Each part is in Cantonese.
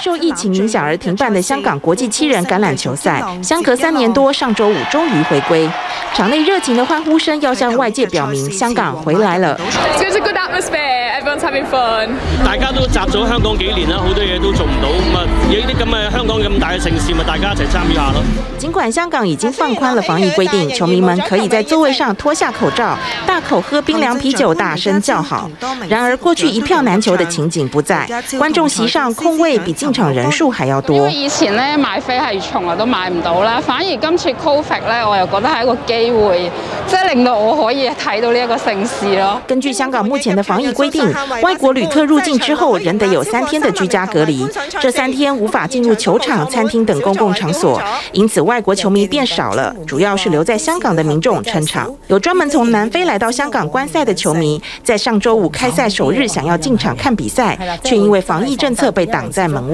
受疫情影響而停辦的香港國際七人橄欖球賽，相隔三年多，上周五終於回歸。場內熱情的歡呼聲，要向外界表明，香港回來了。It's just a good atmosphere. Everyone's having fun. 大家都習咗香港幾年啦，好多嘢都做唔到，咁啊，有呢啲咁啊香港咁大嘅城市，咪大家一齊參與下咯。盡管香港已經放寬了防疫規定，球迷們可以在座位上脱下口罩，大口喝冰涼啤酒，大聲叫好。然而，過去一票難求的情景不再，觀眾席上空位比進場人數還要多。因為以前咧，買飛係從來都買唔到啦，反而今次 Covid 咧，我又覺得係一個機會，即係令到我可以睇到呢一個盛事咯。根據香港目前的防疫規定，外國旅客入境之後仍得有三天的居家隔離，這三天無法進入球場、餐廳等公共場所，因此外國球迷變少了。主要是留在香港的民眾撐場，有專門從南非來到香港觀賽的球迷，在上周五開賽首日想要進場看比賽，卻因為防疫政策被擋在門外。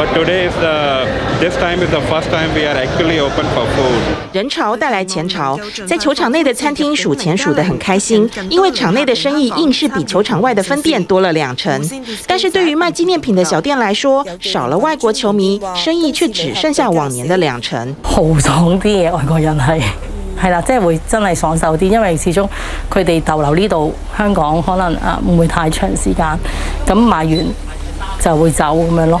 The, 人潮帶來錢潮，在球場內的餐廳數錢數得很開心，因為場內的生意硬是比球場外的分店多了兩成。但是對於賣紀念品的小店來說，少了外國球迷，生意卻只剩下往年的兩成。豪爽啲嘢，外國人係係啦，即係、就是、會真係爽手啲，因為始終佢哋逗留呢度香港，可能啊唔會太長時間，咁買完就會走咁樣咯。